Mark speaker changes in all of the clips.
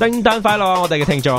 Speaker 1: 聖誕快樂，我哋嘅聽眾，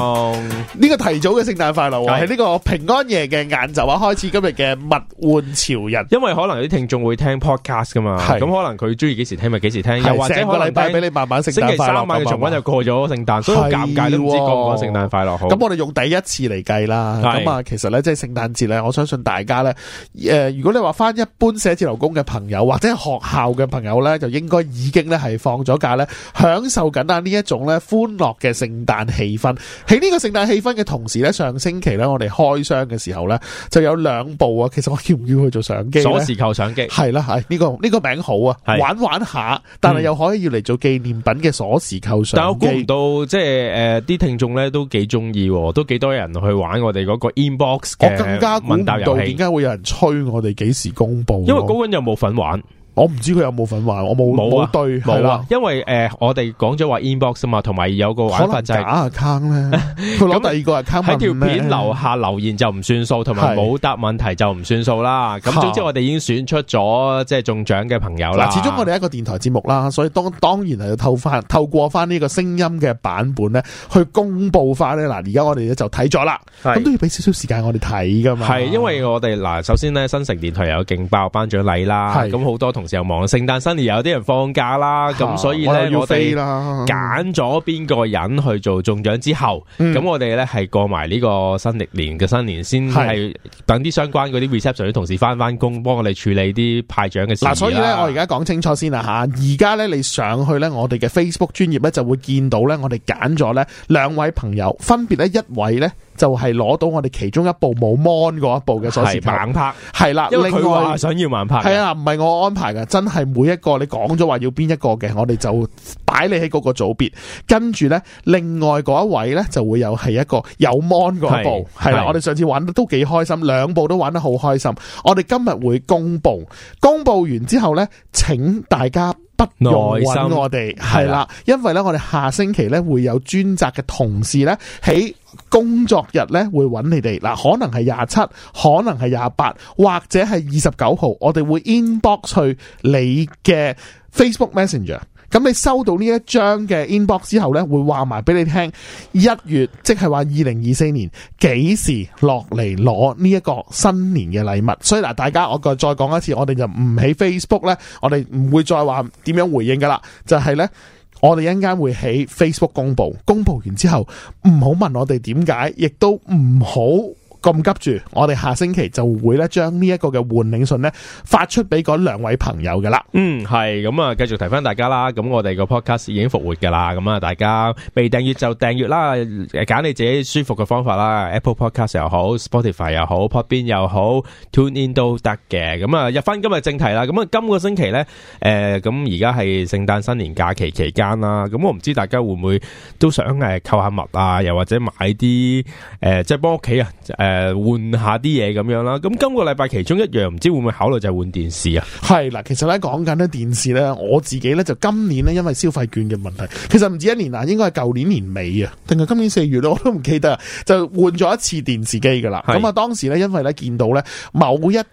Speaker 1: 呢個提早嘅
Speaker 2: 聖誕快樂，係呢的個平安夜嘅晏晝啊！開始今日嘅物玩潮人，因為可能
Speaker 1: 有啲聽眾會聽 podcast 噶嘛，咁的可能佢中意幾時聽咪幾時聽，又的或者個禮拜俾你慢慢聖誕快樂。星期三晚嘅重溫就過咗聖誕，的所以尷尬都唔知講唔講聖誕快樂的好。咁我
Speaker 2: 哋用第一次嚟計啦，咁啊的，其實咧即係聖誕節咧，我相信大家咧，誒、呃，如果你話翻一般寫字樓工嘅朋友或者學校嘅朋友咧，就應該已經咧係放咗假咧，享受緊啊呢一種咧歡樂嘅。聖誕氣氛，喺呢個聖誕氣氛嘅同時呢，上星期呢，我哋開箱嘅時候呢，就有兩部啊。其實我要唔要去做相機？鎖匙扣相機係啦，係呢、哎這個呢、這個名好啊，的玩玩下，但係又可以要嚟做紀念品嘅鎖匙扣相機、嗯。
Speaker 1: 但我估唔到，即係誒，啲、呃、聽眾呢都幾中意，都幾多人去玩我哋嗰個 inbox 嘅問答遊戲。我更加估唔到點解
Speaker 2: 會有人催我哋幾時公布，因為嗰個人又冇份玩？我唔知佢有冇份玩，我冇冇對冇啊，
Speaker 1: 因為誒，我哋講咗話 inbox 啊嘛，同埋有個玩法就係假 account 咧。咁第二個係 account 喺條片留下留言就唔算數，同埋冇答問題就唔算數啦。咁總之我哋已經選出咗即係中獎嘅朋友啦。始終我
Speaker 2: 哋一個電台節目啦，所以當當然係透翻透過翻呢個聲音嘅版本咧，去公布翻咧。嗱，而家我哋就睇咗啦，咁都要俾少少時間我哋睇噶嘛。係
Speaker 1: 因為我哋嗱，首先咧新城電台有勁爆頒獎禮啦，咁好多同。同時又忙聖誕新年，有啲人放假啦，咁、啊、所以咧我哋揀咗邊個人去做中獎之後，咁、嗯、我哋咧係過埋呢個新曆年嘅新年先係等啲相關嗰啲 reception 啲同事返返工，幫我哋處理啲派獎嘅事。嗱、啊，所以咧我而
Speaker 2: 家講清楚先啦吓，而家咧你上去咧我哋嘅 Facebook 專頁咧就會見到咧，我哋揀咗咧兩位朋友，分別咧一位咧。就係攞到我哋其中一部冇 mon 嗰一部嘅鎖匙盲拍，係啦。因為佢話想要盲拍，係啊，唔係我安排嘅，真係每一個你講咗話要邊一個嘅，我哋就擺你喺嗰個組別。跟住咧，另外嗰一位咧就會有係一個有 mon 嗰部，係啦。我哋上次玩得都幾開心，兩部都玩得好開心。我哋今日會公佈，公佈完之後咧，請大家不用搵我哋係啦，因為咧我哋下星期咧會有專責嘅同事咧喺。工作日呢會揾你哋嗱，可能係廿七，可能係廿八，或者係二十九號，我哋會 inbox 去你嘅 Facebook Messenger。咁你收到呢一張嘅 inbox 之後呢，會話埋俾你聽一月，即係話二零二四年幾時落嚟攞呢一個新年嘅禮物。所以嗱，大家我再再講一次，我哋就唔喺 Facebook 呢，我哋唔會再話點樣回應噶啦，就係呢。我哋一陣間會喺 Facebook 公布，公布完之後唔好問我哋點解，亦都唔好。咁急住，我哋下星期就會咧將呢一個嘅換領信咧發出俾嗰兩位朋友㗎啦，嗯。
Speaker 1: 嗯，係咁啊，繼續提翻大家啦。咁我哋個 podcast 已經復活㗎啦。咁、嗯、啊，大家未訂閱就訂閱啦，揀你自己舒服嘅方法啦。Apple Podcast 又好，Spotify 又好，Podbean 又好，Tune In 都得嘅。咁、嗯、啊，入翻今日正題啦。咁、嗯、啊，今個星期咧，誒咁而家係聖誕新年假期期間啦。咁、嗯、我唔知大家會唔會都想誒購下物啊，又或者買啲、呃、即係幫屋企啊誒，換下啲嘢，咁樣啦。咁今個禮拜其中一樣，唔知會唔會考慮就係換電視啊？
Speaker 2: 係啦，其實咧講緊咧電視呢，我自己呢就今年呢，因為消費券嘅問題，其實唔止一年啊，應該係舊年年尾啊，定係今年四月咯，我都唔記得啊。就換咗一次電視機噶啦。咁啊，當時呢，因為呢見到呢某一間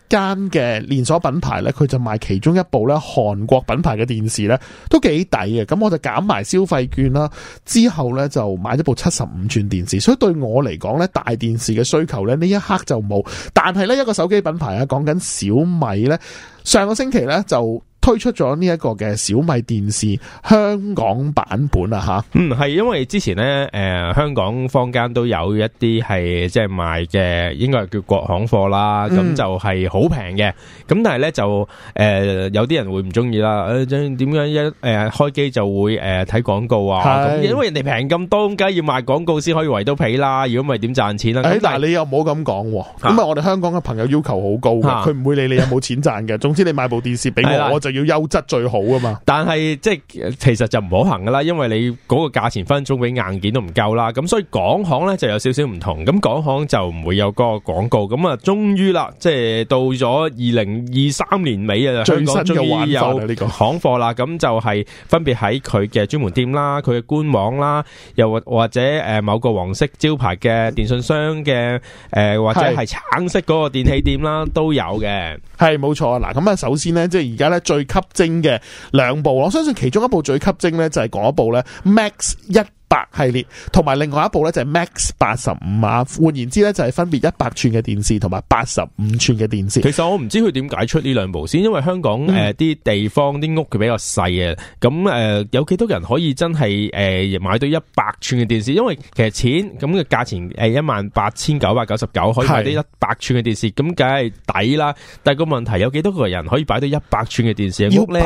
Speaker 2: 嘅連鎖品牌呢，佢就賣其中一部呢韓國品牌嘅電視呢，都幾抵嘅。咁我就減埋消費券啦，之後呢就買咗部七十五寸電視。所以對我嚟講呢，大電視嘅需求。呢一刻就冇，但係咧一個手機品牌啊，講緊小米咧，上個星期咧就。推出咗呢一個嘅小米電視香港版本啊吓，嗯，
Speaker 1: 係因為之前咧誒、呃、香港坊間都有一啲係即係賣嘅，應該係叫國行貨啦，咁、嗯、就係好平嘅，咁但係咧就誒、呃、有啲人會唔中意啦，誒、呃、點樣一誒、呃、開機就會誒睇廣告啊是，因為人哋平咁多，梗係要賣廣告先可以圍到皮啦，如果唔係點賺錢啊？欸、但係是你
Speaker 2: 又唔好咁講，咁啊我哋香港嘅朋友要求好高，佢唔、啊、會理你有冇錢賺嘅，總之
Speaker 1: 你買部電視俾我，的我就要。要
Speaker 2: 優質最好啊嘛，
Speaker 1: 但係即係其實就唔可行噶啦，因為你嗰個價錢分分鐘俾硬件都唔夠啦，咁所以港行咧就有少少唔同，咁港行就唔會有個廣告，咁啊終於啦，即係到咗二零二三年尾啊，香港終於有行貨啦，咁就係分別喺佢嘅專門店啦，佢嘅官網啦，又或或者誒某個黃色招牌嘅電信商嘅誒或者係橙色嗰個電器店啦都有嘅，係冇錯啊，嗱咁啊
Speaker 2: 首先咧即係而家咧最吸睛嘅兩部，我相信其中一部最吸睛咧，就係嗰一部咧，Max 一百系列同埋另外一部咧就係 Max 八十五碼，換言之咧就係分別一百寸嘅電視同埋八十五寸嘅電視。
Speaker 1: 其實我唔知佢點解出呢兩部先，因為香港誒啲、嗯呃、地方啲屋佢比較細啊，咁誒、呃、有幾多人可以真係誒、呃、買到一百寸嘅電視？因為其實錢咁嘅價錢誒一萬八千九百九十九可以買到一百寸嘅電視，咁梗係抵啦。但係個問題有幾多個人可以擺到一百寸嘅電視喺屋
Speaker 2: 咧？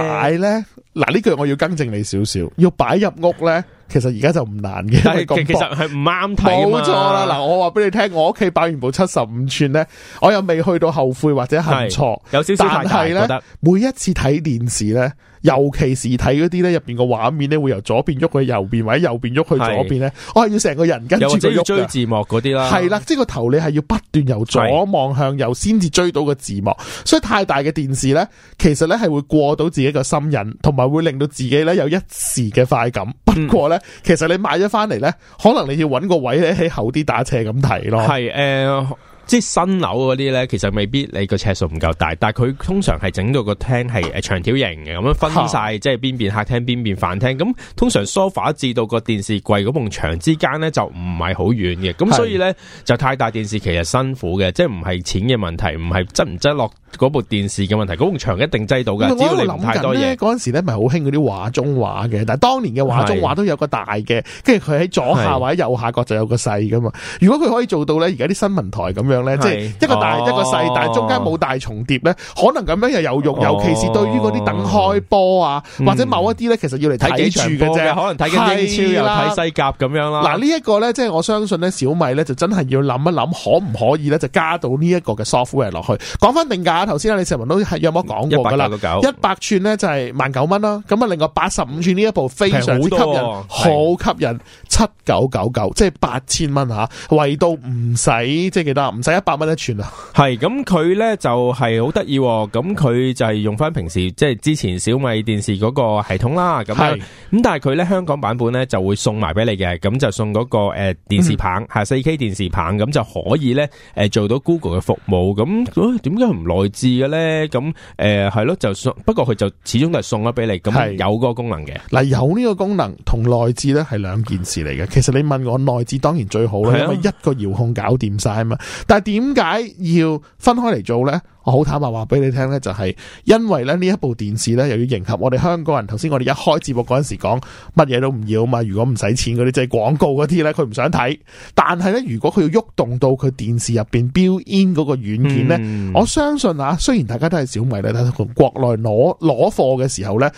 Speaker 1: 嗱呢句我要更正你少少，要擺
Speaker 2: 入屋咧。其實而家就唔難嘅，但係其實係唔啱睇啊嘛。冇錯啦，嗱，我話俾你聽，我屋企擺完部七十五寸咧，我又未去到後悔或者係錯，有少少太大。但係咧，每一次睇電視咧，尤其是睇嗰啲咧，入邊個畫面咧，會由左邊喐去右邊，或者右邊喐去左邊咧，我係是要成個人跟住佢喐。又或者要追字幕嗰啲啦，係啦，即係個頭你係要不斷由左望向右先至追到個字幕，是所以太大嘅電視咧，其實咧係會過到自己個心癮，同埋會令到自己咧有一時嘅快感。嗯、不過咧，其實你買咗翻嚟咧，可能你要搵個位咧喺後啲打斜咁睇咯。係誒。
Speaker 1: 呃即係新樓嗰啲咧，其實未必你個尺數唔夠大，但係佢通常係整到個廳係長條形嘅，咁樣分晒、哦、即係邊邊客廳邊邊飯廳，咁通常 sofa 至到個電視櫃嗰埲牆之間咧就唔係好遠嘅，咁所以咧是就太大電視其實辛苦嘅，即係唔係錢嘅問題，唔係擠唔擠落嗰部電視嘅問題，嗰埲牆一定擠到噶。因為、嗯、我諗緊咧嗰陣
Speaker 2: 時咧，唔係好興嗰啲畫中畫嘅，但係當年嘅畫中畫都有個大嘅，跟住佢喺左下或者右下角就有個細噶嘛。如果佢可以做到咧，而家啲新聞台咁樣。即係一個大一個細，但係中間冇大重疊咧，可能咁樣又有用，尤其是對於嗰啲等開波啊，嗯、或者某一啲咧，其實要嚟睇幾場嘅啫，可能睇緊英超啦又睇西
Speaker 1: 甲咁樣啦。嗱，呢
Speaker 2: 一個咧，即係我相信咧，小米咧就真係要諗一諗，可唔可以咧就加到呢一個嘅 software 落去。講翻定價，頭先啦，李成文都係有冇講過㗎啦，一百寸咧就係萬九蚊啦，咁啊，另外八十五寸呢一部非常吸引，好、啊、吸引七九九九，即係八千蚊吓，為到唔使
Speaker 1: 即係幾多。使一百蚊一寸啊！係咁佢咧就係好得意，咁佢就係用返平時即係、就是、之前小米電視嗰個系統啦。咁咁是但係佢咧香港版本咧就會送埋俾你嘅，咁就送嗰個誒電視棒，係四、嗯、K 電視棒，咁就可以咧誒做到 Google 嘅服務。咁點解唔內置嘅咧？咁誒係咯，就送，不過佢就始終都係送咗俾你，咁有個功能嘅。
Speaker 2: 嗱，有呢個功能同內置咧係兩件事嚟嘅。其實你問我內置當然最好啦，的因為一個遙控搞掂晒啊嘛。但係點解要分開嚟做呢？我好坦白話俾你聽呢就係、是、因為咧呢一部電視呢又要迎合我哋香港人。頭先我哋一開節目嗰陣時講乜嘢都唔要啊嘛，如果唔使錢嗰啲即係廣告嗰啲呢，佢唔想睇。但係呢，如果佢要喐動，動到佢電視入邊 built-in 嗰個軟件呢，嗯、我相信啊，雖然大家都係小米咧，但同國內攞攞貨嘅時候呢，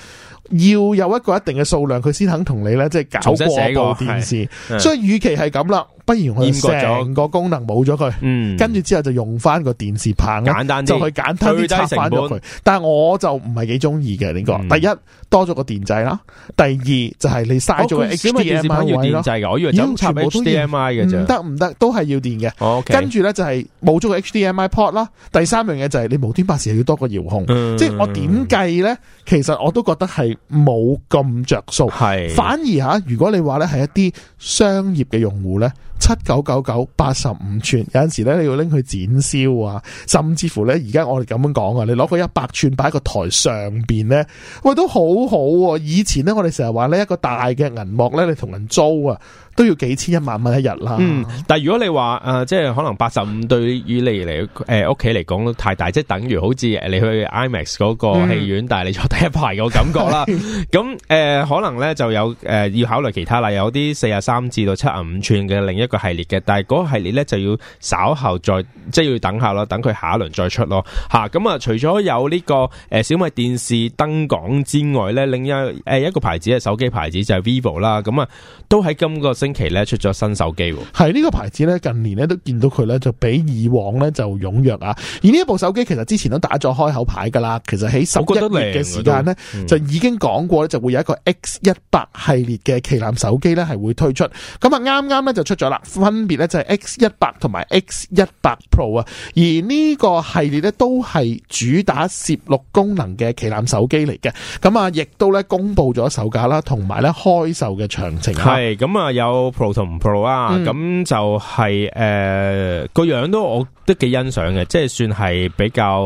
Speaker 2: 要有一個一定嘅數量，佢先肯同你呢，即係搞過部電視。嗯、所以與其，與其係咁啦。不如我成個功能冇咗佢，跟住、嗯、之後就用翻個電視棒，簡單啲就去簡單啲插翻咗佢。但係我就唔係幾中意嘅呢個。嗯、第一，多咗個電掣啦；第二就 MI,、哦，就係你嘥咗個小米電視棒要電掣嘅，我、嗯、以為插咪 HDMI 嘅啫。唔得唔得，都係要電嘅。跟住咧就係冇咗個 HDMI port 啦。第三樣嘢就係你無端白事又要多個遙控，嗯、即係我點計咧？其實我都覺得係冇咁着數。係是反而吓，如果你話咧係一啲商業嘅用戶咧。七九九九八十五寸，有陣時咧你要拎去展銷啊，甚至乎咧而家我哋咁樣講啊，你攞佢一百寸擺喺個台上邊咧，喂都好好喎。以前咧我哋成日話呢一個大嘅銀幕咧，你同人租啊。都要幾千一萬蚊一日啦。嗯，
Speaker 1: 但係如果你話誒、呃，即係可能八十五對於你嚟誒屋企嚟講都太大，即係等於好似你去 IMAX 嗰個戲院，但係你坐第一排個感覺啦。咁誒、嗯呃，可能咧就有誒、呃、要考慮其他啦，有啲四十三至到七十五寸嘅另一個系列嘅，但係嗰個系列咧就要稍後再即係要等下囉，等佢下一輪再出咯。吓，咁啊，嗯、除咗有呢、這個誒、呃、小米電視登港之外咧，另一誒、呃、一個牌子嘅手機牌子就係 VIVO 啦。咁、嗯、啊，都喺今、這個星期咧出咗新手機喎，
Speaker 2: 係呢、這個牌子咧近年咧都見到佢咧就比以往咧就踴躍啊！而呢一部手機其實之前都打咗開口牌噶啦，其實喺十一月嘅時間呢，就已經講過咧就會有一個 X 一百系列嘅旗艦手機咧係會推出，咁啊啱啱咧就出咗啦，分別咧就係 X 一百同埋 X 一百 Pro 啊！而呢個系列咧都係主打攝錄功能嘅旗艦手機嚟嘅，咁啊亦都咧公布咗售價啦，同埋咧開售嘅
Speaker 1: 詳情啊，係咁啊有。Pro 同唔 Pro 啊、嗯就是，咁就係誒個樣都我都幾欣賞嘅，即係算係比較，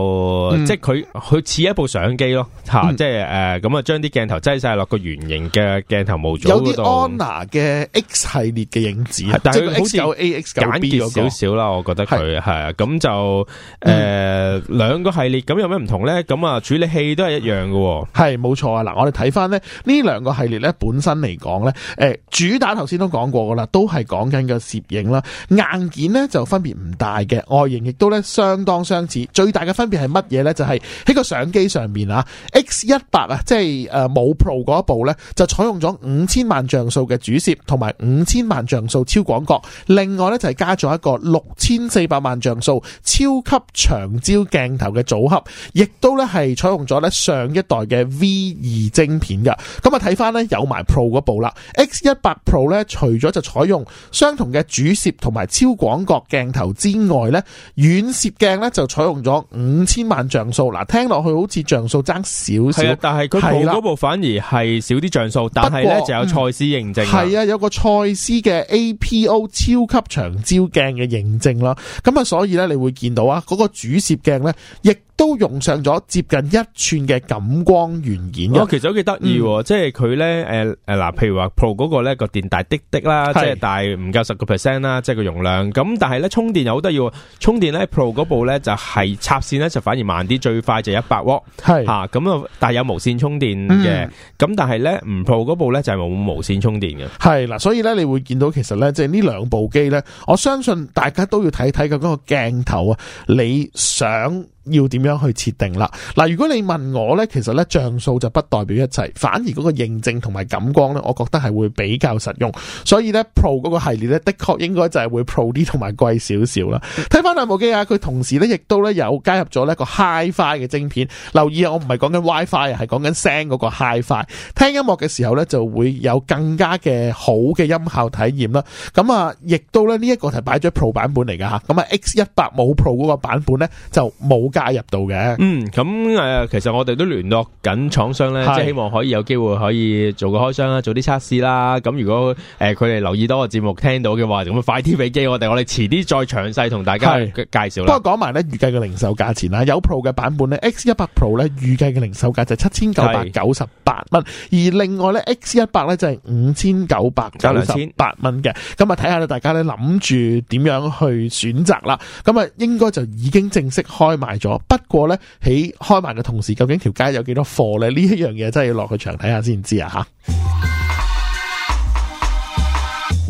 Speaker 1: 嗯、即係佢佢似一部相機咯吓，啊嗯、即係誒咁啊將啲鏡頭擠晒落個圓形嘅鏡頭模組，有啲 Honor 嘅 X 系列嘅影子，是但係好似有 AX 簡潔少少啦，A，那個、我覺得佢係啊，咁是就誒兩、呃嗯、個系列咁有咩唔同咧？咁啊處理器都係一樣嘅，係冇錯啊！嗱，我哋睇翻咧呢兩個系列咧本身嚟講咧，
Speaker 2: 誒主打頭先都講。講過噶啦，都係講緊個攝影啦，硬件咧就分別唔大嘅，外形亦都咧相當相似。最大嘅分別係乜嘢咧？就係喺個相機上面啊，X 一百啊，即係誒冇 Pro 嗰一部咧，就採用咗五千萬像素嘅主攝，同埋五千萬像素超廣角。另外咧就係加咗一個六千四百萬像素超級長焦鏡頭嘅組合，亦都咧係採用咗咧上一代嘅 V 二晶片噶。咁啊睇翻咧有埋 Pro 嗰部啦，X 一百 Pro 咧除咗就採用相同嘅主攝同埋超廣角鏡頭之外咧，遠攝鏡咧就採用咗五千萬像素。嗱，聽落去好似像，像素爭
Speaker 1: 少少，但係佢 Pro 嗰部反而係少啲像素，的但係咧就有蔡司認證，係
Speaker 2: 啊、嗯，有個蔡司嘅 APO 超級長焦鏡嘅認證啦。咁啊，所以咧你會見到啊，嗰、那個主攝鏡咧，亦都用上咗接近一寸嘅感光元件。我其實都幾
Speaker 1: 得意，嗯、即係佢咧，誒、呃、誒，嗱、呃，譬如話 Pro 嗰、那個咧個電大的，的啦，即係大唔夠十個 percent 啦，即係個容量。咁但係咧充電又好得意，充電咧 Pro 嗰部咧就係、是、插綫咧就反而慢啲，最快就一百瓦。係吓咁啊，但係有無綫充電嘅。咁、嗯、但係咧唔 Pro 嗰部咧就係冇無綫充電嘅。
Speaker 2: 係啦，所以咧你會見到其實咧，即係呢兩部機咧，我相信大家都要睇睇佢嗰個鏡頭啊。你想？要點樣去設定啦？嗱，如果你問我呢，其實呢，像素就不代表一切，反而嗰個認證同埋感光呢，我覺得係會比較實用。所以呢 Pro 嗰個系列呢，的確應該就係會 Pro 啲同埋貴少少啦。睇翻，嗯、兩部機啊，佢同時呢，亦都呢有加入咗呢個 Hi-Fi 嘅晶片。留意啊，我唔係講緊 WiFi，係講緊聲嗰個 Hi-Fi。聽音樂嘅時候呢，就會有更加嘅好嘅音效體驗啦。咁啊，亦都呢，呢一個係擺咗 Pro 版本嚟噶吓。咁啊 X 一百冇 Pro 嗰個版本呢，就冇。加入到嘅，
Speaker 1: 嗯，咁誒、呃，其實我哋都聯絡緊廠商咧，是即係希望可以有機會可以做個開箱啦，做啲測試啦。咁如果誒佢哋留意多個節目聽到嘅話，咁快啲俾機我哋，我哋遲啲再詳細同大家是介紹紹。不過
Speaker 2: 講埋咧，預計嘅零售價錢啦，有 Pro 嘅版本咧，X 一百 Pro 咧，預計嘅零售價就七千九百九十八蚊，而另外咧 X 一百咧就係五千九百九十八蚊嘅。咁啊，睇下大家咧諗住點樣去選擇啦。咁啊，應該就已經正式開賣咗，不過咧喺開埋嘅同時，究竟條街有幾多貨咧？呢一樣嘢真係要落去場睇下先知啊！吓，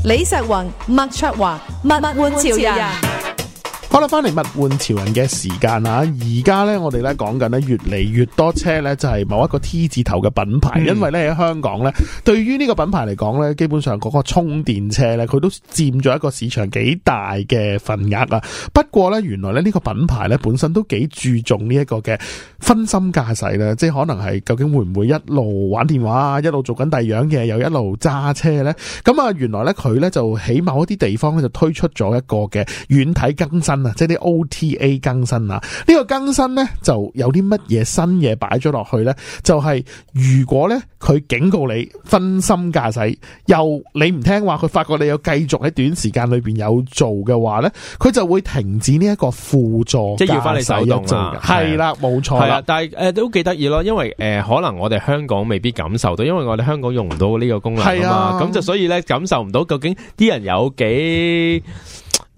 Speaker 2: 李石云、麥卓華、物玩潮人。好啦，翻嚟物玩潮人嘅時間啊！而家咧，我哋咧講緊咧越嚟越多車咧就係某一個 T 字頭嘅品牌，嗯、因為咧喺香港咧，對於呢個品牌嚟講咧，基本上嗰個充電車咧，佢都佔咗一個市場幾大嘅份額啊！不過咧，原來咧呢個品牌咧本身都幾注重呢一個嘅分心駕駛啦，即係可能係究竟會唔會一路玩電話啊，一路做緊第二樣嘢，又一路揸車咧？咁啊，原來咧佢咧就喺某一啲地方咧就推出咗一個嘅軟體更新。即係啲 OTA 更新啦，呢個更新咧就有啲乜嘢新嘢擺咗落去咧，就係如果咧佢警告你分心駕駛，又你唔聽話，佢發覺你有繼續喺短時間裏邊有做嘅話咧，佢就會停止呢一個輔助，即係要翻你手動啦，係啦，冇錯啦。
Speaker 1: 但係誒都幾得意咯，因為誒可能我哋香港未必感受到，因為我哋香港用唔到呢個功能啊嘛，咁就所以咧感受唔到究竟啲人有幾。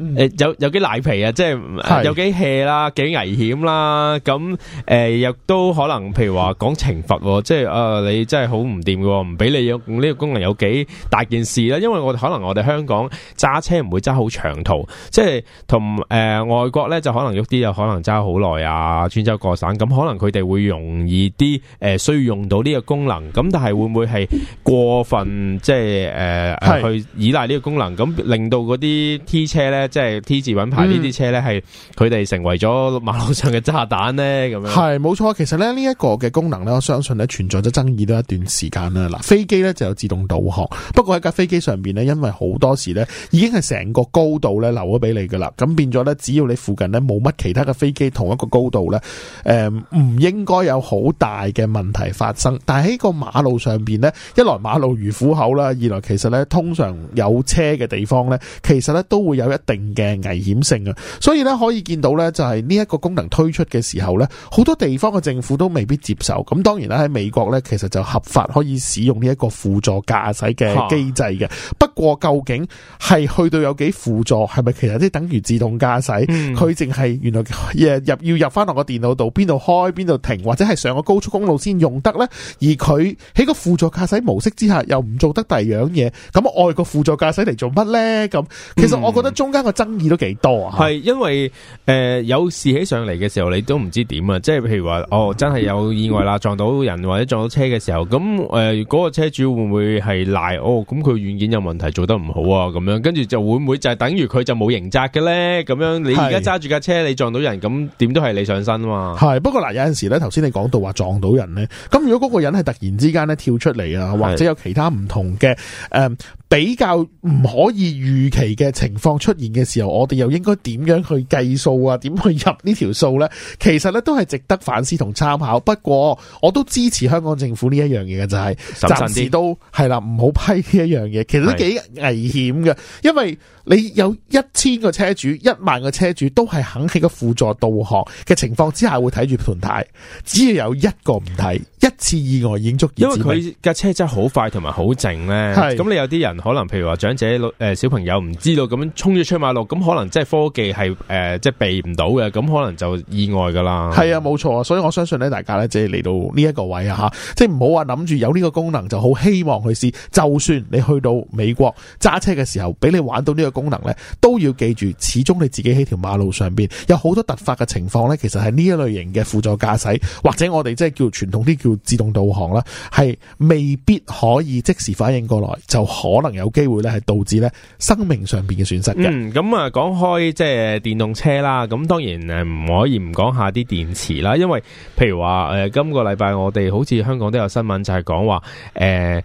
Speaker 1: 誒，有有啲賴皮啊，即係有幾 hea 啦，幾危險啦。咁誒，又都可能，譬如話講懲罰，即係啊，你真係好唔掂嘅，唔俾你用呢個功能有幾大件事啦。因為我可能我哋香港揸車唔會揸好長途，即係同誒外國咧就可能喐啲啊，可能揸好耐啊，穿州過省。咁可能佢哋會容易啲誒，需要用到呢個功能。咁但係會唔會係過分即係誒去依賴呢個功能，咁令到嗰啲 T 車咧？即係 T 字品牌呢啲車咧，係佢哋成為咗馬路上嘅炸彈咧，咁樣係
Speaker 2: 冇錯。其實咧呢一個嘅功能咧，我相信咧存在咗爭議都一段時間啦。嗱，飛機咧就有自動導航，不過喺架飛機上邊咧，因為好多時咧已經係成個高度咧留咗俾你噶啦，咁變咗咧，只要你附近咧冇乜其他嘅飛機同一個高度咧，誒、呃、唔應該有好大嘅問題發生。但係喺個馬路上邊咧，一來馬路如虎口啦，二來其實咧通常有車嘅地方咧，其實咧都會有一定。嘅危險性啊，所以咧可以見到咧，就係呢一個功能推出嘅時候咧，好多地方嘅政府都未必接受。咁當然啦，喺美國咧，其實就合法可以使用呢一個輔助駕駛嘅機制嘅。啊、不過究竟係去到有幾輔助，係咪其實即等於自動駕駛？佢淨係原來誒入要入翻落個電腦度，邊度開邊度停，或者係上個高速公路先用得咧？而佢喺個輔助駕駛模式之下，又唔做得第二樣嘢，咁外國輔助駕駛嚟做乜咧？咁其實我覺得中間。個爭議都幾多
Speaker 1: 啊？係因為誒、呃、有事起上嚟嘅時候，你都唔知點啊！即係譬如話哦，真係有意外啦， 撞到人或者撞到車嘅時候，咁誒嗰個車主會唔會係賴哦？咁佢軟件有問題做得唔好啊？咁樣跟住就會唔會就係等於佢就冇刑責嘅咧？咁樣你而家揸住架車，你撞到人，咁點都係你上身啊？嘛
Speaker 2: 係不過嗱，有陣時咧，頭先你講到話撞到人咧，咁如果嗰個人係突然之間咧跳出嚟啊，或者有其他唔同嘅誒。呃比較唔可以預期嘅情況出現嘅時候，我哋又應該點樣去計數啊？點去入呢條數呢？其實呢都係值得反思同參考。不過我都支持香港政府呢一樣嘢嘅，就係暫時都係啦，唔好批呢一樣嘢。其實都幾危險嘅，因為。你有一千個車主，一萬個車主都係肯喺個輔助導航嘅情況之下會睇住盤軚。只要有一個
Speaker 1: 唔睇，一次意外已經足以。因為佢架車真係好快同埋好靜咧，咁是你有啲人可能，譬如話長者，誒小朋友唔知道咁樣衝咗出馬路，咁可能即係科技係誒即係避唔到嘅，咁可能就意外噶啦。係
Speaker 2: 啊，冇錯啊，所以我相信咧，大家咧即係嚟到呢一個位啊，吓即係唔好話諗住有呢個功能就好希望去試，就算你去到美國揸車嘅時候，俾你玩到呢個功能。功能咧都要記住，始終你自己喺條馬路上邊，有好多突發嘅情況咧，其實係呢一類型嘅輔助駕駛或者我哋即係叫傳統啲叫自動導航啦，係未必可以即時反應過來，就可能有機會咧係導致咧生命上邊嘅損失嘅。
Speaker 1: 咁啊、嗯，嗯、講開即係電動車啦，咁當然誒唔可以唔講下啲電池啦，因為譬如話誒、呃、今個禮拜我哋好似香港都有新聞就係講話誒。呃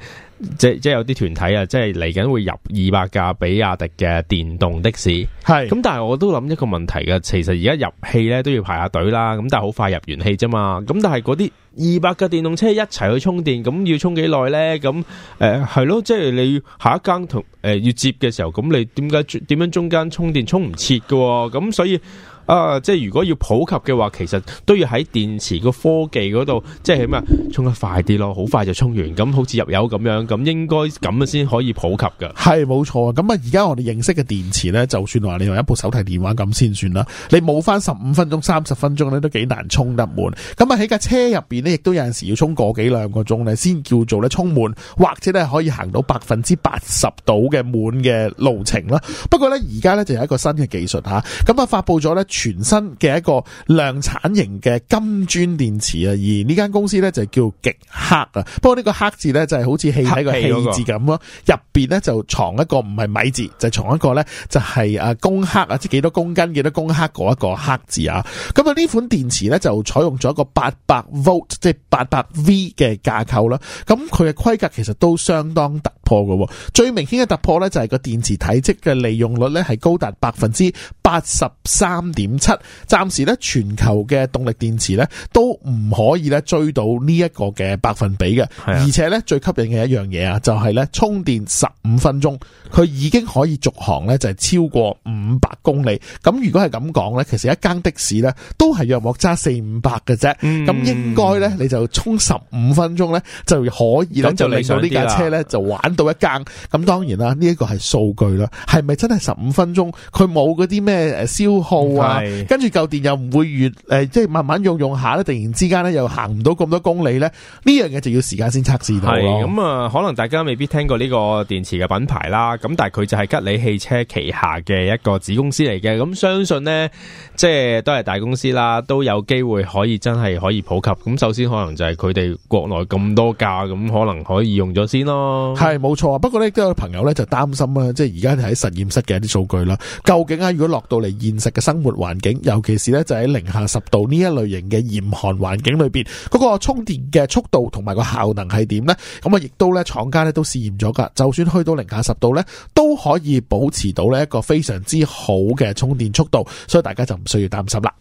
Speaker 1: 即即有啲團體啊，即係嚟緊會入二百架比亞迪嘅電動的士，係咁但係我都諗一個問題嘅，其實而家入氣呢都要排下隊啦，咁但係好快入完氣啫嘛，咁但係嗰啲二百架電動車一齊去充電，咁要充幾耐呢？咁誒係咯，即係你下一間同誒要接嘅時候，咁你點解點樣中間充電充唔切噶？咁所以。啊，即係如果要普及嘅話，其實都要喺電池個科技嗰度，即係起碼，充得快啲咯，好快就充完，咁好似入油咁樣，咁應該咁先可以普及噶。係冇錯。咁啊而家我哋認識嘅電池呢，就算話你用一部手提電話咁先算
Speaker 2: 啦，你冇翻十五分鐘、三十分鐘呢，都幾難充得滿。咁啊喺架車入邊呢，亦都有陣時要充個幾兩個鐘呢，先叫做呢充滿，或者呢可以行到百分之八十到嘅滿嘅路程啦。不過呢，而家呢就有一個新嘅技術吓，咁啊發佈咗全新嘅一個量產型嘅金磚電池啊，而呢間公司咧就叫極氪啊。不過呢個氪字咧就係好似氣體個氣字咁咯，入邊咧就藏一個唔係米字，就係、藏一個咧就係誒公克啊，即幾多公斤、幾多公克嗰一個氪字啊。咁啊呢款電池咧就採用咗一個八百 volt 即係八百 V 嘅架構啦。咁佢嘅規格其實都相當特別破嘅，最明顯嘅突破咧就係個電池體積嘅利用率咧係高達百分之八十三點七。暫時咧全球嘅動力電池咧都唔可以咧追到呢一個嘅百分比嘅。而且咧最吸引嘅一樣嘢啊，就係咧充電十五分鐘，佢已經可以續航咧就係超過五百公里。咁如果係咁講咧，其實一間的士咧都係約莫揸四五百嘅啫。咁應該咧你就充十五分鐘咧就可以咧就令到呢架車咧就玩。到一間咁，當然啦，呢一個係數據啦，係咪真係十五分鐘佢冇嗰啲咩，誒消耗啊？跟住舊電又唔會越誒、呃，即係慢慢用用下咧，突然之間咧又行唔到咁多公里呢？呢樣嘢就要時間先測試到
Speaker 1: 咁啊、呃，可能大家未必聽過呢個電池嘅品牌啦，咁但係佢就係吉利汽車旗下嘅一個子公司嚟嘅。咁相信呢，即係都係大公司啦，都有機會可以真係可以普及。咁首先可能就係佢哋國內咁多架咁，可能可以用咗先咯。冇錯啊，不過咧都有朋
Speaker 2: 友咧就擔心啦，即係而家喺實驗室嘅一啲數據啦，究竟啊如果落到嚟現實嘅生活環境，尤其是咧就喺零下十度呢一類型嘅嚴寒環境裏邊，嗰個充電嘅速度同埋個效能係點呢？咁啊，亦都咧廠家咧都試驗咗噶，就算去到零下十度呢，都可以保持到呢一個非常之好嘅充電速度，所以大
Speaker 1: 家就唔需要擔心啦。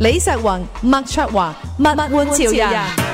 Speaker 2: 李石雲、麥卓華、物玩潮人。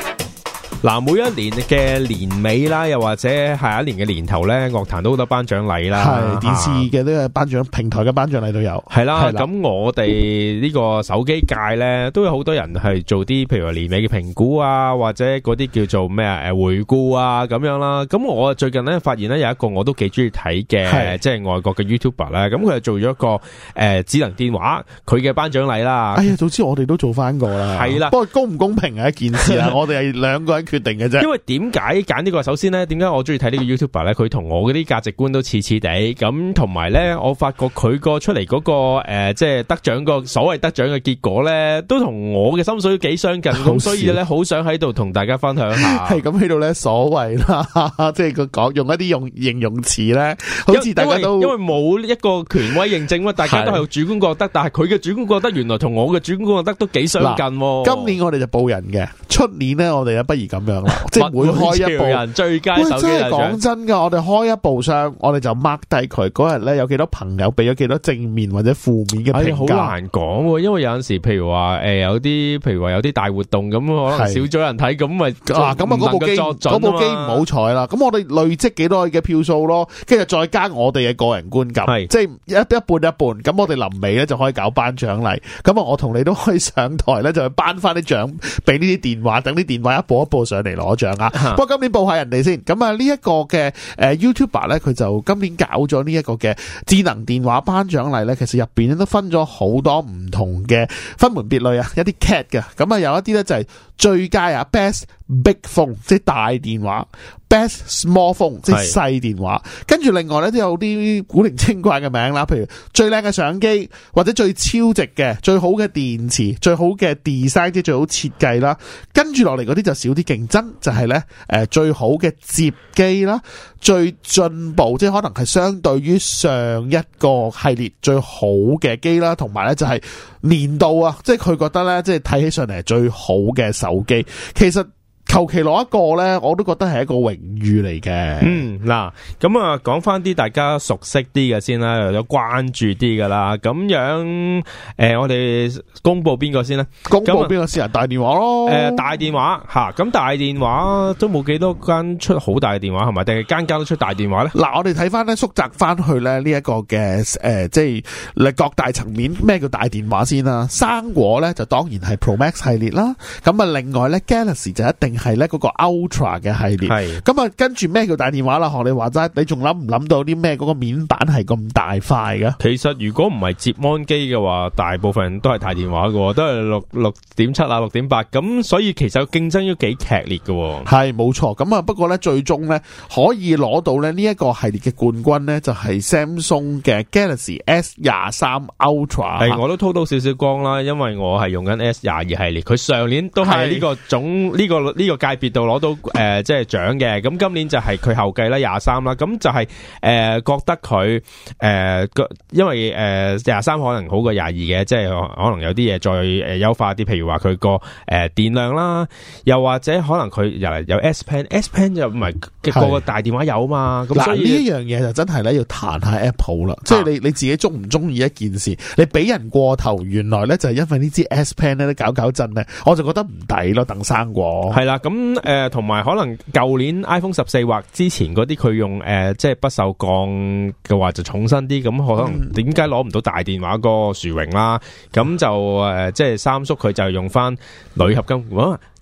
Speaker 1: 嗱，每一年嘅年尾啦，又或者下一年嘅年頭咧，樂壇都好多頒獎禮啦，係電視嘅呢個頒獎
Speaker 2: 平台嘅頒獎禮都有，係啦。咁
Speaker 1: 我哋呢個手機界咧，都有好多人係做啲，譬如話年尾嘅評估啊，或者嗰啲叫做咩啊，誒回顧啊，咁樣啦。咁我最近咧發現咧有一個我都幾中意睇嘅，即係外國嘅 YouTuber 啦，咁佢係做咗一個誒智能電話佢嘅頒獎禮啦。哎
Speaker 2: 呀，總之我哋都做翻個啦，係啦，不過公唔公平係一件事啊，
Speaker 1: 我哋係兩個人決定嘅啫，因為點解揀呢個？首先咧，點解我中意睇呢個 YouTuber 咧？佢同我嗰啲價值觀都似似地，咁同埋咧，我發覺佢個出嚟嗰個誒，即係得獎個所謂得獎嘅結果咧，都同我嘅心水都幾相近，咁所以咧，好想喺度同大家分享
Speaker 2: 下。係咁喺度咧，所謂啦，
Speaker 1: 即係佢講
Speaker 2: 用一啲用形容詞咧，好似大家都因為
Speaker 1: 冇一個權威認證嘛，大家都係主觀覺得，的但係佢嘅主觀覺得，原來同我嘅主觀覺得都幾相近。今
Speaker 2: 年我哋就報人嘅，出年咧我哋就不如。咁。咁樣 即係會開一部，人
Speaker 1: 最佳手機大獎。真係講
Speaker 2: 真噶，我哋開一部上，我哋就 mark 低佢嗰日咧有幾多朋友俾咗幾多正面或者負面嘅評價。好、哎、難
Speaker 1: 講，因為有陣時，譬如話誒、欸、有啲，譬如話有啲大活動咁，可能少咗人睇，咁咪嗱咁啊嗰部機嗰部機唔好
Speaker 2: 彩啦。咁我哋累積幾多嘅票數咯，跟住再加我哋嘅個人觀感，是即係一一半一半。咁我哋臨尾咧就可以搞頒獎禮。咁啊，我同你都可以上台咧，就去頒翻啲獎俾呢啲電話，等啲電話一步一步上嚟攞獎啊！不過今年報下人哋先。咁啊，呢一個嘅誒 YouTuber 咧，佢就今年搞咗呢一個嘅智能電話頒獎禮咧。其實入邊咧都分咗好多唔同嘅分門別類啊，一啲 cat 嘅。咁啊，有一啲咧就係、是。最佳啊，Best Big Phone 即係大電話，Best Small Phone 即係細電話。跟住是另外咧都有啲古靈精怪嘅名啦，譬如最靚嘅相機，或者最超值嘅，最好嘅電池，最好嘅 design 即係最好設計啦。跟住落嚟嗰啲就少啲競爭，就係咧誒最好嘅摺機啦，最進步即係可能係相對於上一個系列最好嘅機啦，同埋咧就係、是。年度啊，即係佢覺得咧，即係睇起上嚟係最好嘅手機，其實。求其攞一個咧，我都覺得係一個榮
Speaker 1: 譽嚟嘅。嗯，嗱，咁啊，講翻啲大家熟悉啲嘅先啦，又有關注啲嘅啦，咁樣誒、呃，我哋公布邊個先啦？公布邊個先？私人大電話咯，誒、呃，大電話吓，咁、啊、大電話、嗯、都冇幾多間出好大嘅電話係咪？定係間間都出大電話咧？嗱，我哋睇翻咧，縮窄翻去咧呢一個嘅誒，
Speaker 2: 即係誒各大層面咩叫大電話先啦、啊？生果咧就當然係 Pro Max 系列啦。咁啊，另外咧 Galaxy 就一定。係咧嗰個 Ultra 嘅系列，係咁啊！跟住咩叫大電話啦？學你話齋，你仲諗唔諗到啲咩？嗰個面板係咁大塊
Speaker 1: 嘅？其實如果唔係摺 Mon 機嘅話，大部分都係大電話嘅，都係六六點七啊，六點八咁。所以其實競爭都幾劇烈嘅。
Speaker 2: 係冇錯。咁啊，不過咧，最終咧可以攞到咧呢一個系列嘅冠軍咧，就係 Samsung 嘅 Galaxy
Speaker 1: S 廿三 Ultra。係，我都偷到少少光啦，因為我係用緊 S 廿二系列，佢上年都係呢個總呢個。呢個界別度攞到誒、呃，即係獎嘅。咁今年就係佢後繼啦、就是，廿三啦。咁就係誒，覺得佢誒、呃，因為誒廿三可能好過廿二嘅，即係可能有啲嘢再誒優、呃、化啲。譬如話佢個誒電量啦，又或者可能佢又係有 S Pen，S Pen 又唔係個個大電話有啊嘛。咁嗱呢一
Speaker 2: 樣嘢就真係咧要彈下 Apple 啦。的即係你你自己中唔中意一件事，你俾人過頭，原來咧就係因為呢支 S Pen 咧搞搞震咧，我就覺得唔抵咯。鄧生果
Speaker 1: 係啦。嗱，咁誒，同埋、呃、可能舊年 iPhone 十四或之前嗰啲，佢用誒，即係不鏽鋼嘅話就重身啲，咁可能點解攞唔到大電話個殊榮啦？咁就誒、呃，即係三叔佢就用翻鋁合金。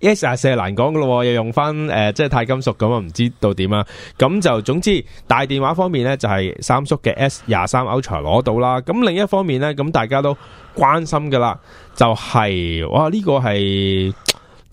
Speaker 1: S 廿四係難講噶咯，又用翻誒、呃，即係鈦金屬咁啊，唔知道點啊。咁就總之大電話方面咧，就係、是、三叔嘅 S 廿三 Ultra 攞到啦。咁另一方面咧，咁大家都關心噶啦，就係、是、哇呢、這個係。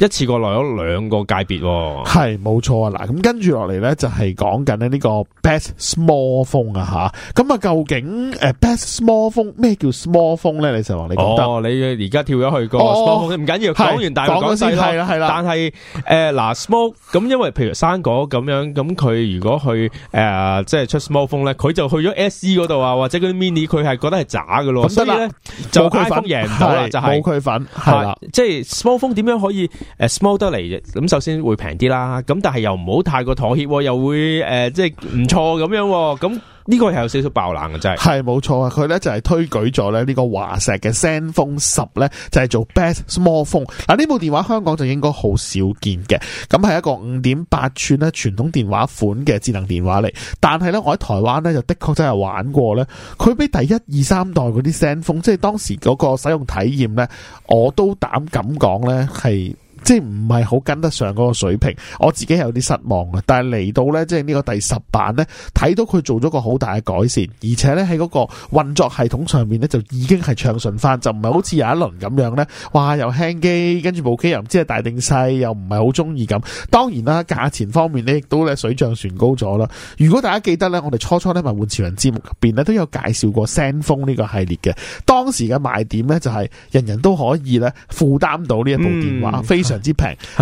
Speaker 1: 一次過來咗兩個界別、哦，係冇錯啊！嗱，咁跟住落嚟
Speaker 2: 咧，就係講緊呢個 best small 風啊吓，咁啊究竟誒 best small 風咩叫 small 風咧？你實話你講，
Speaker 1: 你而家跳咗去個唔緊要，講是完大講細、啊啊呃、啦，係啦係啦。但係誒嗱 small 咁，因為譬如生果咁樣，咁佢如果去誒、呃、即係出 small 風咧，佢就去咗 s e 嗰度啊，或者佢啲 mini，佢係覺得係渣嘅咯，所以咧就佢風贏到啦，就冇區分係啦，即係 small 風點樣可以？誒，small 得嚟啫，咁首先會平啲啦，咁但係又唔好太過妥協，又會誒、呃，即係唔錯咁樣，咁、這、呢個係有少少爆冷嘅，真
Speaker 2: 係，係冇錯啊！佢咧就係推舉咗咧呢個華碩嘅 Zenfone 十咧，就係做 Best Small Phone。嗱，呢部電話香港就應該好少見嘅，咁係一個五點八寸咧傳統電話款嘅智能電話嚟。但係咧，我喺台灣咧就的確真係玩過咧，佢比第一二三代嗰啲 Zenfone，即係當時嗰個使用體驗咧，我都膽敢講咧係。即係唔係好跟得上嗰個水平，我自己係有啲失望嘅。但係嚟到呢，即係呢個第十版呢，睇到佢做咗個好大嘅改善，而且呢，喺嗰個運作系統上面呢，就已經係暢順返。就唔係好似有一輪咁樣呢，哇又輕機，跟住部機又唔知係大定細，又唔係好中意咁。當然啦，價錢方面呢，亦都咧水漲船高咗啦。如果大家記得呢，我哋初初呢物玩潮人節目入邊呢，都有介紹過 Zenfone 呢個系列嘅，當時嘅賣點呢，就係人人都可以呢負擔到呢一部電話，嗯、非常。之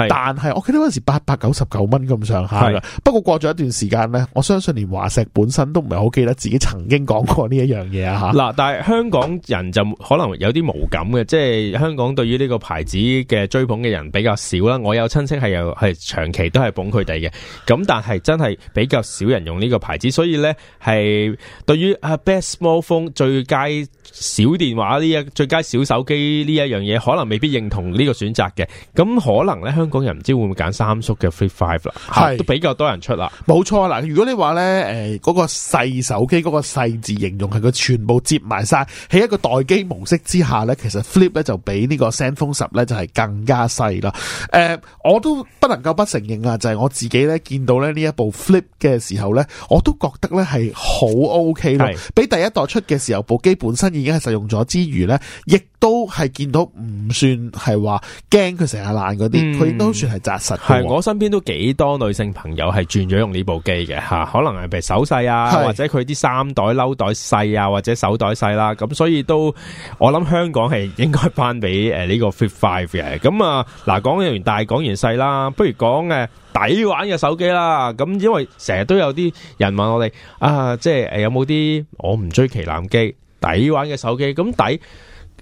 Speaker 2: 但係我記得嗰陣時八百九十九蚊咁上下，不過過咗一段時間呢，我相信連華碩本身都唔係好記得自己曾經講過呢一樣嘢啊吓。嗱，
Speaker 1: 但係香港人就可能有啲無感嘅，即係香港對於呢個牌子，嘅追捧嘅人比較少啦。我有親戚係又係長期都係捧佢哋嘅，咁但係真係比較少人用呢個牌子，所以呢，係對於啊 Best Small Phone 最佳。小電話呢一最佳小手機呢一樣嘢，可能未必認同呢個選擇嘅。咁可能咧，香港人唔知會唔會揀三叔嘅 Flip Five 啦，係是、啊、都比較多人出啦。
Speaker 2: 冇錯啦，如果你話咧，誒、呃、嗰、嗰個細手機嗰個細字形容係佢全部接埋晒喺一個待機模式之下咧，其實 Flip 咧就比呢個 Zenfone 10咧就係更加細啦。誒、呃，我都不能夠不承認啊，就係、是、我自己咧見到咧呢一部 Flip 嘅時候咧，我都覺得咧係好 OK 啦，是 比第一代出嘅時候部機本身已。已經係實用咗之餘咧，亦都係見到唔算係話驚佢成日爛嗰啲，佢都算係紮實。係、嗯、
Speaker 1: 我身邊都幾多女性朋友係轉咗用呢部機嘅吓，可能係譬如手細啊，或者佢啲衫袋、褸袋細啊，或者手袋細啦，咁所以都我諗香港係應該頒俾誒呢個 Fit Five 嘅。咁啊嗱，講完大講完細啦，不如講誒抵玩嘅手機啦。咁因為成日都有啲人問我哋啊，即係誒有冇啲我唔追旗艦機？抵玩嘅手機，咁抵。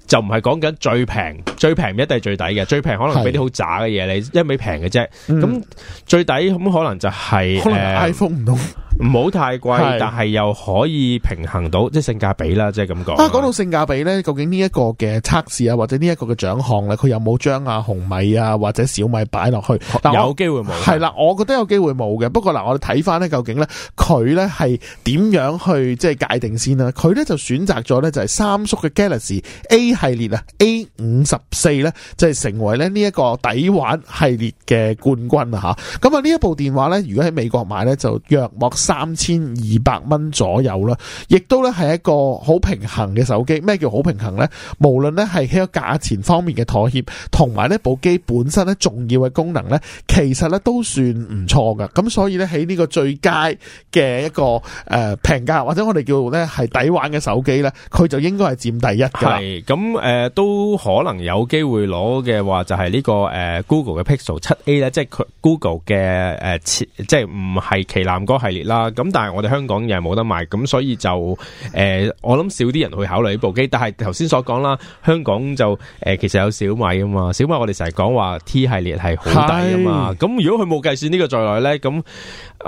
Speaker 1: 就唔係講緊最平，最平一定係最抵嘅，最平可能俾啲好渣嘅嘢，你一味平嘅啫。咁最抵咁可能就係、是、可能 iPhone 唔到唔好、呃、太貴，是但係又可以平衡到即係性價比啦，即係咁講。啊，
Speaker 2: 講到性價比咧，究竟呢一個嘅測試啊，或者呢一個嘅獎項咧，佢有冇將啊紅米啊或者小米擺落去？但有機會冇係啦，我覺得有機會冇嘅。不過嗱，我哋睇翻咧，究竟咧佢咧係點樣去即係界定先啦、啊？佢咧就選擇咗咧就係三叔嘅 Galaxy A。系列啊，A 五十四咧，即係成為咧呢一個抵玩系列嘅冠軍啊吓。咁啊呢一部電話咧，如果喺美國買咧，就約莫三千二百蚊左右啦。亦都咧係一個好平衡嘅手機。咩叫好平衡咧？無論咧係喺個價錢方面嘅妥協，同埋呢部機本身咧重要嘅功能咧，其實咧都算唔錯噶。咁所以咧喺呢個最佳嘅一個誒、呃、平價，或者我哋叫咧係抵玩嘅手機咧，佢就應該係佔第一噶。
Speaker 1: 係咁。咁誒、嗯呃，都可能有機會攞嘅話就、這個，就係呢個誒 Google 嘅 Pixel 7A 咧、呃，即係佢 Google 嘅誒，即係唔係旗艦哥系列啦。咁但係我哋香港又係冇得賣，咁所以就誒、呃，我諗少啲人去考慮呢部機。但係頭先所講啦，香港就誒、呃，其實有小米啊嘛，小米我哋成日講話 T 系列係好抵啊嘛。咁是如果佢冇計算呢個在內咧，咁。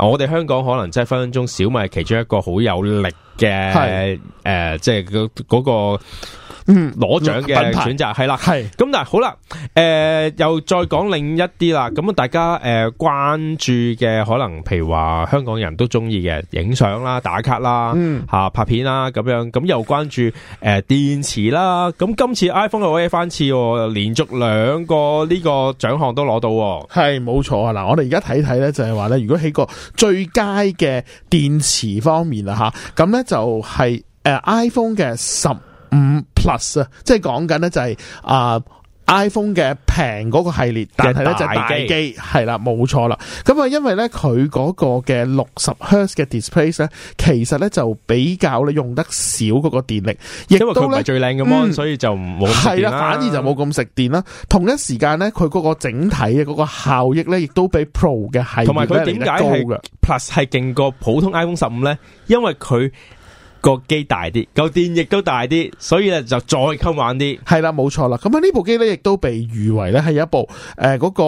Speaker 1: 我哋香港可能真係分分鐘小米係其中一個好有力嘅，誒，即係嗰嗰個攞獎嘅選擇係啦。係咁、嗯、了是但好啦，誒、呃、又再講另一啲啦。咁大家誒、呃、關注嘅可能，譬如話香港人都中意嘅影相啦、打卡啦、吓、嗯啊、拍片啦咁樣。咁又關注誒、呃、電池啦。咁今次 iPhone 又可以翻次，連續兩個呢個獎項都攞到，喔。係冇錯啊！嗱，我哋而家睇睇咧，就係話咧，如果起個，最
Speaker 2: 佳嘅電池方面啦吓，咁咧就係誒 iPhone 嘅十五 Plus 啊，即係講緊咧就係啊。呃 iPhone 嘅平嗰個系列，但係咧就大機係啦，冇錯啦。咁啊，因為咧佢嗰個嘅六十 Hz 嘅 display 咧，其實咧就比較咧用得少嗰個電力，亦都唔係最靚嘅 mon，嗯、所以就唔好係啦，反而就冇咁食電啦。同一時間咧，佢嗰個整體嘅嗰個效益咧，亦都比 Pro 嘅係高。同埋佢點解係
Speaker 1: Plus 係勁過普通 iPhone 十五咧？因為佢。個機大啲，個電亦都大啲，所以咧就再襟玩啲。
Speaker 2: 係啦，冇錯啦。咁啊，呢部機咧亦都被譽為咧係一部誒嗰、呃嗰個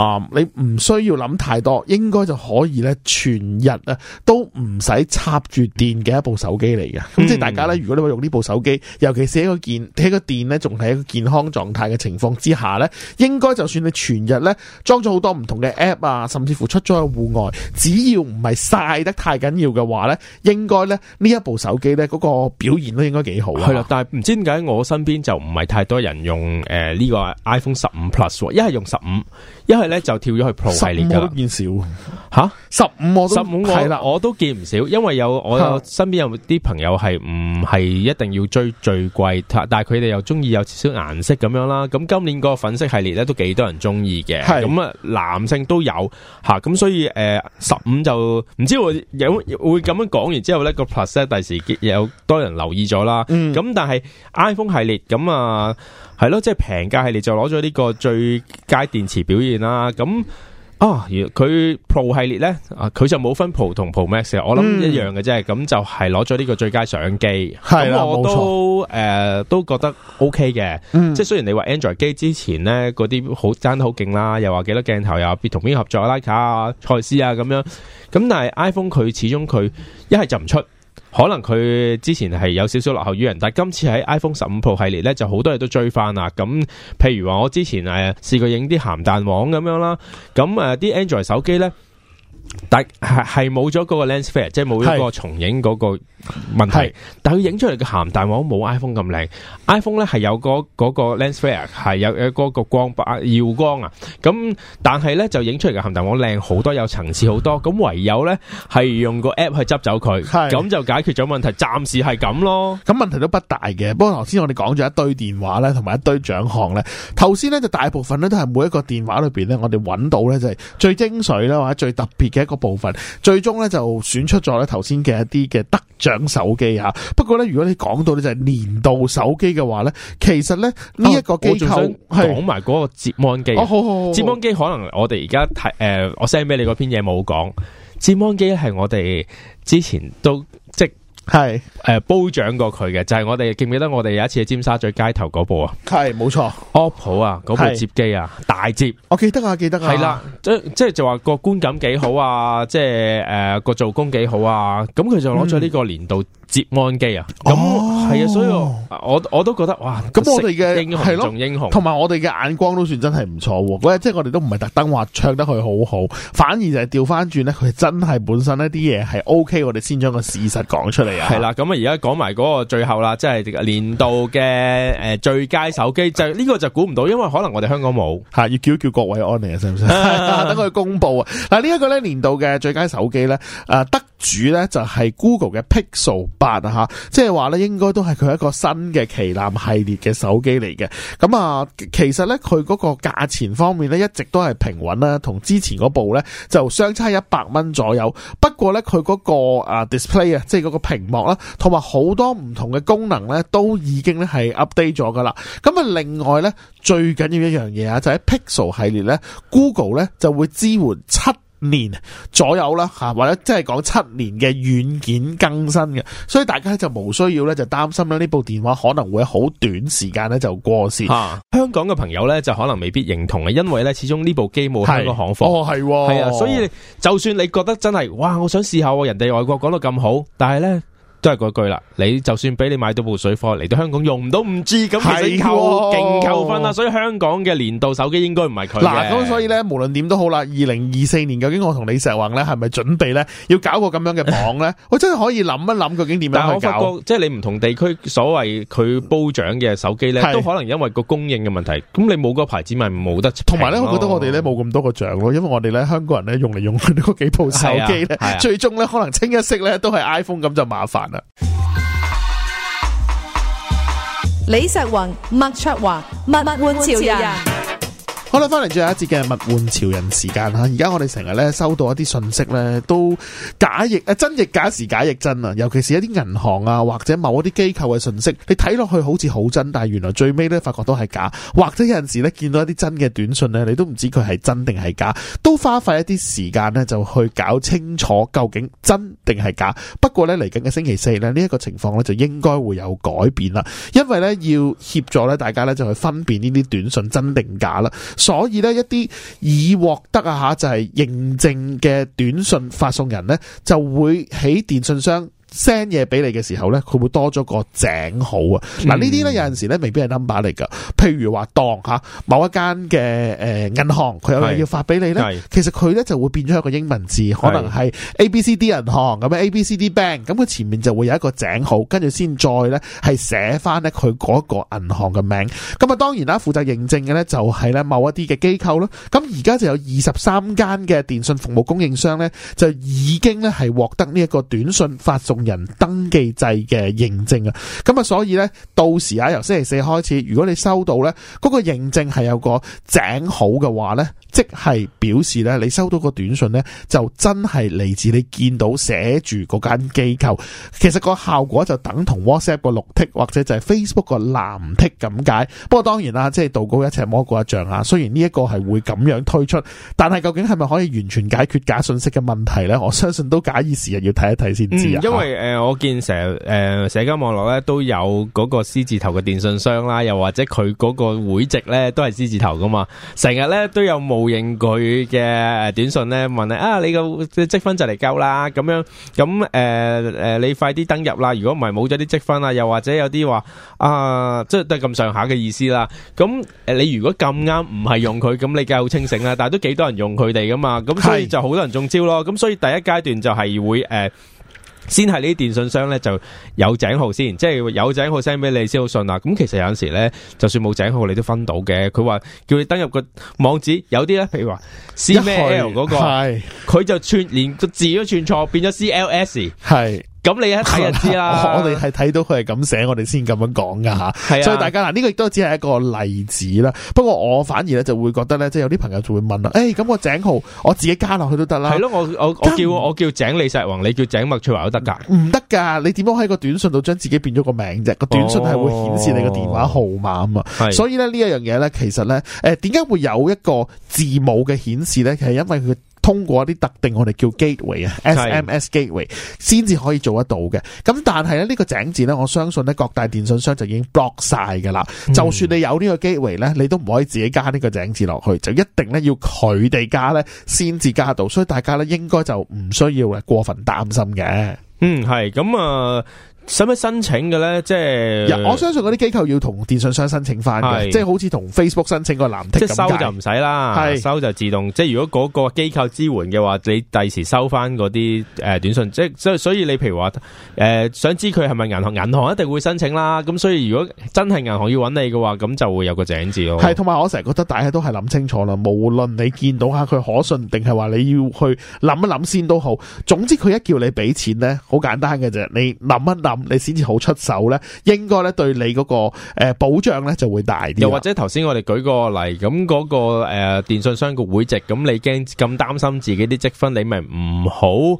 Speaker 2: 啊、呃，你唔需要諗太多，應該就可以咧全日咧都唔使插住電嘅一部手機嚟嘅。咁、嗯、即係大家咧，如果你會用呢部手機，尤其是一個健睇個電咧仲係一個健康狀態嘅情況之下咧，應該就算你全日咧裝咗好多唔同嘅 app 啊，甚至乎出咗去戶外，只要唔係晒得太緊要嘅話咧，應該咧呢一部手。記得嗰個表現都應該幾好
Speaker 1: 啊，係啦，但係唔知點解我身邊就唔係太多人用誒呢個 iPhone 十五 Plus，一係用十五，一係咧就跳咗去 Pro 系列噶啦。見少吓，十五我十五我係啦，我都見唔少，因為有我身邊有啲朋友係唔係一定要追最貴，但係佢哋又中意有少少顏色咁樣啦。咁今年個粉色系列咧都幾多人中意嘅，咁啊男性都有吓，咁所以誒十五就唔知會有會咁樣講，完之後咧個 Plus 咧第時。有多人留意咗啦，咁、嗯、但係 iPhone 系列咁啊，係咯、啊，即、就、係、是、平價系列就攞咗呢個最佳電池表現啦。咁啊，佢 Pro 系列咧，佢、啊、就冇分 Pro 同 Pro Max，我諗一樣嘅啫。咁、嗯、就係攞咗呢個最佳相機。咁、啊、我都誒錯、呃、都覺得 OK 嘅，嗯、即係雖然你話 Android 機之前咧嗰啲好爭好勁啦，又話幾多鏡頭，又話同邊合作，徠、like、卡啊、蔡司啊咁樣，咁但係 iPhone 佢始終佢一係就唔出。可能佢之前係有少少落後於人，但係今次喺 iPhone 十五 Pro 系列咧，就好多嘢都追翻啦。咁譬如話，我之前誒試、呃、過影啲鹹蛋黃咁樣啦，咁誒啲、呃、Android 手機咧。但係係冇咗嗰個 lens flare，即係冇咗個重影嗰個問題。但係佢影出嚟嘅咸蛋黃冇 iPhone 咁靚，iPhone 咧係有嗰嗰個 lens flare，係有有嗰個光白耀光啊。咁但係咧就影出嚟嘅咸蛋黃靚好多，有層次好多。咁唯有咧係用個 app 去執走佢，咁就解決咗問題。暫時係咁咯，咁問題都不
Speaker 2: 大嘅。不過頭先我哋講咗一堆電話咧，同埋一堆獎項咧。頭先咧就大部分咧都係每一個電話裏邊咧，我哋揾到咧就係最精髓啦或者最特別。嘅一個部分，最終咧就選出咗咧頭先嘅一啲嘅得獎手機吓，不過咧如果你講到咧就係年度手機嘅話咧，其實咧呢一、哦、個機構係講
Speaker 1: 埋嗰個折彎機，折彎機可能我哋而家睇誒，我 send 俾你嗰篇嘢冇講，折彎機係我哋之前都。係誒是、呃，褒獎過佢嘅就係、是、我哋記唔記得我哋有一次喺尖沙咀街頭嗰部是沒啊？係冇錯 OPPO 啊，嗰部接機啊，大接，
Speaker 2: 我記得啊，記得啊，係啦，
Speaker 1: 即即係就話個觀感幾好啊，即係誒個做工幾好啊，咁佢就攞咗呢個年度接安機啊，咁係啊，所以我我都覺得哇，咁、嗯、我哋嘅係咯英雄，同
Speaker 2: 埋我哋嘅眼光都算真係唔錯，喎，即係我哋都唔係特登話唱得佢好好，反而就係掉返轉咧，佢真係本身呢啲嘢係 OK，我哋先將個事實講出嚟。係
Speaker 1: 啦，咁啊，而家講埋嗰個最後啦，即、就、係、是、年度嘅誒最佳手機，就、這、呢個就估唔到，因為可能我哋香港冇，吓要叫叫各位安利啊，使唔使？等佢 公布啊？嗱，呢一個咧年度嘅最佳手機咧，
Speaker 2: 誒得主咧就係 Google 嘅 Pixel 八啊，吓，即係話咧應該都係佢一個新嘅旗艦系列嘅手機嚟嘅。咁啊，其實咧佢嗰個價錢方面咧一直都係平穩啦，同之前嗰部咧就相差一百蚊左右。不過咧佢嗰個啊 display 啊，即係嗰個屏幕啦，同埋好多唔同嘅功能咧，都已經咧係 update 咗噶啦。咁啊，另外咧最緊要一樣嘢啊，就喺 Pixel 系列咧，Google 咧就會支援七年左右啦，吓，或者即係講七年嘅軟件更新嘅。所以大家就冇需要咧，就擔心啦。呢部電話可能會好短時間咧就過時。啊，
Speaker 1: 香港嘅朋友咧就可能未必認同嘅，因為咧始終呢部機冇太多行貨。係，係、哦哦、啊。所以就算你覺得真係哇，我想試下，人哋外國講到咁好，但係咧。都係嗰句啦，你就算俾你買到部水貨嚟到香港用唔到唔知咁係勁扣分啦，所以香港嘅年度手機應該唔係佢嘅。嗱，咁所
Speaker 2: 以咧，無論點都好啦，二零二四年究竟我同李石宏咧係咪準備咧要搞個咁樣嘅榜咧？我真係可以諗一諗究竟點樣去搞？
Speaker 1: 即係你唔同地區所謂佢褒獎嘅手機咧，都可能因為個供應嘅問題，咁你冇嗰個牌子咪冇得。同埋咧，我覺得我
Speaker 2: 哋咧冇咁多個獎咯，因為我哋咧香港人咧用嚟用去嗰幾部手機咧，最終咧可能清一色咧都係 iPhone 咁就麻煩啦。李石宏、麥卓華、物玩潮人。好啦，翻嚟最後一節嘅物玩潮人時間吓，而家我哋成日咧收到一啲信息咧，都假亦誒真亦假時假亦真啊！尤其是一啲銀行啊，或者某一啲機構嘅信息，你睇落去好似好真，但係原來最尾咧發覺都係假，或者有陣時咧見到一啲真嘅短訊咧，你都唔知佢係真定係假，都花費一啲時間咧就去搞清楚究竟真定係假。不過咧嚟緊嘅星期四咧，呢、這、一個情況咧就應該會有改變啦，因為咧要協助咧大家咧就去分辨呢啲短訊真定假啦。所以咧，一啲已獲得啊吓，就係認證嘅短訊發送人咧，就會喺電信商。send 嘢俾你嘅時候呢，佢會多咗個井號啊！嗱、嗯，呢啲呢有陣時呢未必係 number 嚟噶。譬如話當吓某一間嘅誒銀行，佢有嘢要發俾你呢，是其實佢呢就會變咗一個英文字，是可能係 A B C D 銀行咁樣 A B C D bank，咁佢前面就會有一個井號，跟住先再呢係寫翻呢佢嗰個銀行嘅名。咁啊，當然啦，負責認證嘅呢就係呢某一啲嘅機構咯。咁而家就有二十三間嘅電訊服務供應商呢，就已經呢係獲得呢一個短訊發送。人登記制嘅認證啊，咁啊，所以呢，到時啊，由星期四開始，如果你收到呢嗰、那個認證係有個井號嘅話呢，即係表示呢，你收到個短信呢，就真係嚟自你見到寫住嗰間機構，其實個效果就等同 WhatsApp 個綠剔或者就係 Facebook 個藍剔咁解。不過當然啦，即係道高一尺魔高一丈啊。雖然呢一個係會咁樣推出，但係究竟係咪可以完全解決假信息嘅問題呢？我相信都假以時日要睇一睇先知啊、嗯。因為
Speaker 1: 誒、呃，我見成誒、呃、社交網絡咧都有嗰個獅字頭嘅電信商啦，又或者佢嗰個會籍咧都係獅字頭噶嘛，成日咧都有冒認佢嘅短信咧問你啊，你個積分就嚟夠啦，咁樣咁誒誒，你快啲登入啦，如果唔係冇咗啲積分啊，又或者有啲話啊，即係得咁上下嘅意思啦。咁誒，你如果咁啱唔係用佢，咁你梗好清醒啦。但係都幾多人用佢哋噶嘛，咁所以就好多人中招咯。咁所以第一階段就係會誒。呃先係呢啲電信商咧，就有井號先，即係有井號 send 俾你先好信啦。咁其實有陣時咧，就算冇井號，你都分到嘅。佢話叫你登入個網址，有啲咧，譬如話 CL 嗰、那個，佢去就串連個字都串錯，是變咗 CLS。咁你一睇就知啦。 我哋
Speaker 2: 係睇到佢係咁寫，我哋先咁樣講噶吓。係啊。所以大家嗱，呢個亦都只係一個例子啦。不過我反而咧就會覺得咧，即係有啲朋友就會問啦。誒，咁個井號我自己加落去都得啦。係咯，我我
Speaker 1: 我叫，但 我叫我叫井李石王，你叫井麥翠華都得噶？
Speaker 2: 唔得噶，你點樣喺個短信度將自己變咗個名啫？個短信係會顯示你個電話號碼啊嘛。哦。所以呢呢一樣嘢咧，其實咧，誒，點解會有一個字母嘅顯示咧？其實因為佢。通過一啲特定我哋叫 gateway 啊 SMS gateway 先至是可以做得到嘅，咁但係咧呢個井字呢，我相信呢各大電信商就已經 block 晒㗎啦。嗯、就算你有呢個 gateway 你都唔可以自己加呢個井字落去，就一定呢要佢哋加呢先至加到，所以大家呢應該就唔需要過分擔心嘅。嗯，
Speaker 1: 係咁啊。使唔使申請嘅咧？即係、嗯，我相
Speaker 2: 信嗰啲機構要同電信商申請翻嘅，是即係好似同 Facebook 申請個藍剔即收就唔
Speaker 1: 使啦，係是收就自動。即係如果嗰個機構支援嘅話，你第時收翻嗰啲誒短信，即係所以所以你譬如話誒、呃、想知佢係咪銀行，銀行一定會申請啦。咁所以如果真係銀行要揾你嘅話，咁就會有個井字咯。係，
Speaker 2: 同埋我成日覺得大家都係諗清楚啦。無論你見到下佢可信，定係話你要去諗一諗先都好。總之佢一叫你俾錢咧，好簡單嘅啫。你諗一諗。你先至好出手咧，應該咧對你嗰個誒保障咧就會大啲。又或
Speaker 1: 者頭先我哋舉個例，咁嗰個誒電信商嘅會籍，咁你驚咁擔心自己啲積分，你咪唔好誒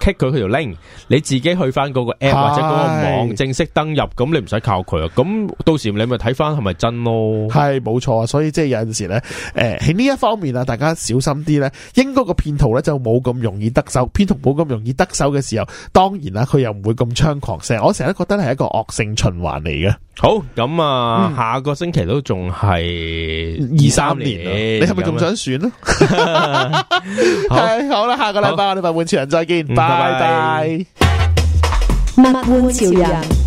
Speaker 1: kick 佢佢條 link，你自己去翻嗰個 app 或者嗰個網正式登入，咁你唔使靠佢啊。咁到時你咪睇翻係咪真咯？
Speaker 2: 係冇錯啊，所以即係有陣時咧，誒喺呢一方面啊，大家小心啲咧。應該個騙徒咧就冇咁容易得手，騙徒冇咁容易得手嘅時候，當然啦，佢又唔會咁猖狂先。我成日都覺得係一個惡性循環嚟嘅。
Speaker 1: 好，咁啊，下個星期都仲係二三年，你係咪仲想選咧？
Speaker 2: 好，好啦，下個禮拜我哋物玩潮人再見，拜拜。
Speaker 1: 物
Speaker 2: 玩潮人。